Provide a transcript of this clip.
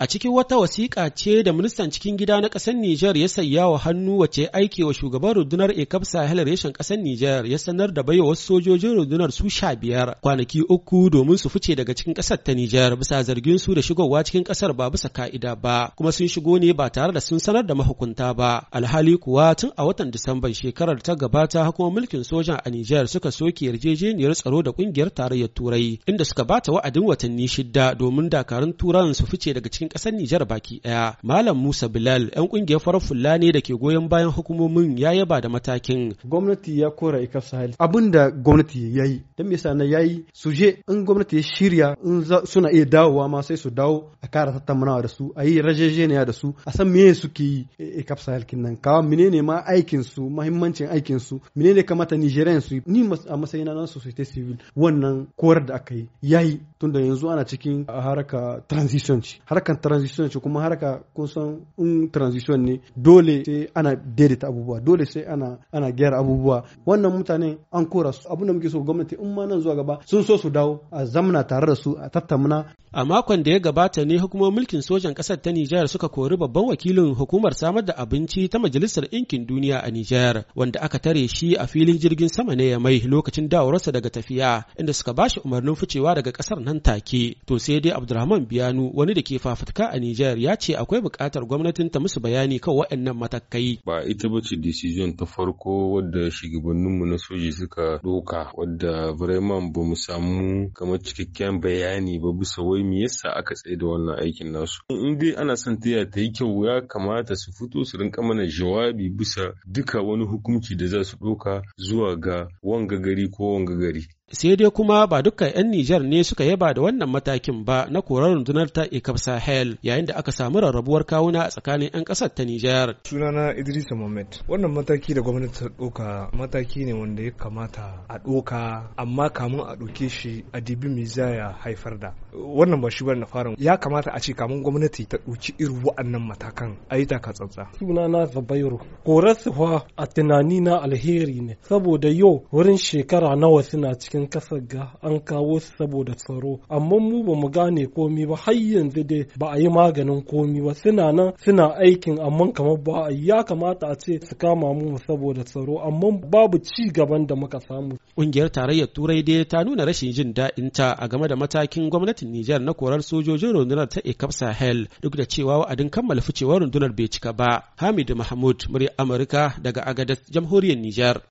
A cikin wata wasiƙa ce da ministan cikin gida na ƙasar Nijar ya saya wa hannu wace aike wa shugaban rundunar Ekaf Sahel reshen ƙasar Nijar ya sanar da baiwa wasu sojojin rundunar su sha biyar kwanaki uku domin su fice daga cikin ƙasar ta Nijar bisa zargin su da shigowa cikin ƙasar ba bisa ka'ida ba kuma sun shigo ne ba tare da sun sanar da mahukunta ba alhali kuwa tun a watan Disamban shekarar ta gabata kuma mulkin sojan a Nijar suka soke yarjejeniyar tsaro da ƙungiyar tarayyar Turai inda suka bata wa'adin watanni shida domin dakarun Turan su fice daga cikin ƙasar Nijar baki ɗaya. Malam Musa Bilal 'yan ƙungiyar farar Fulani da ke goyon bayan hukumomin ya yaba da matakin. Gwamnati ya kora ika sahel. Abin da gwamnati ya yi, don me yasa na ya yi su je in gwamnati ya shirya in suna iya dawowa ma sai su dawo a kara tattaunawa da su a yi rajejeniya da su a san meye suke yi e, ikaf sahel kinnan kawa menene ma aikin su mahimmancin aikin su menene kamata Nigerian su ni a matsayin na society civil wannan korar da aka yi ya yi tun tunda yanzu ana cikin haraka transition ci harkan transition ce kuma harka san in transition ne dole sai ana daidaita abubuwa dole sai ana ana gyara abubuwa wannan mutane an kora su abinda muke so gwamnati in ma nan zuwa gaba sun so su dawo a zamana tare da su a tattauna A makon da ya gabata ne hukumar mulkin sojan kasar ta Nijar suka kori babban wakilin hukumar samar da abinci ta Majalisar Ɗinkin Duniya a Nijar, wanda aka tare shi a filin jirgin sama ne ya mai lokacin dawarsa daga tafiya, inda suka bashi umarnin ficewa daga kasar nan take. To sai dai Abdurrahman Biyanu wani da ke fafutuka a Nijar ya ce akwai buƙatar gwamnatin ta musu bayani kan waɗannan matakai. Ba ita ba ce decision ta farko wadda shugabanninmu na soji suka ɗoka wadda vraiment ba mu samu kamar cikakken bayani ba bisa wai wai me yasa aka tsaye da wannan aikin nasu in dai ana son taya ta yi kyau ya kamata su fito su rinka mana jawabi bisa duka wani hukunci da za su ɗauka zuwa ga wanga gari ko wanga gari sai dai kuma ba dukkan 'yan Nijar ne suka yaba da wannan matakin ba na korar rundunar ta ikaf Sahel yayin da aka samu rarrabuwar kawuna a tsakanin 'yan ƙasar ta Nijar. Sunana Idrisa Mohammed. Wannan mataki da gwamnati ta ɗoka mataki ne wanda ya kamata a ɗoka amma kamun a ɗauke shi a dibi mizaya ya haifar da. Wannan ba shi bane na fara. Ya kamata a ce kamun gwamnati ta ɗauki irin wa'annan matakan a yi taka tsantsa. Sunana Zabairu. Korar a tunani na alheri ne saboda yau wurin shekara nawa suna cikin cikin kasar ga an kawo su saboda tsaro amma mu ba mu gane komi ba har yanzu dai ba a yi maganin komi ba suna nan suna aikin amma kamar ba a ya kamata a ce su kama mu saboda tsaro amma babu ci gaban da muka samu ƙungiyar tarayyar turai dai ta nuna rashin jin daɗin ta a game da matakin gwamnatin Nijar na korar sojojin rundunar ta ECAP Sahel duk da cewa wa'adin kammala ficewar rundunar bai cika ba hamid Mahmud murya Amurka daga Agadez jamhuriyar Nijar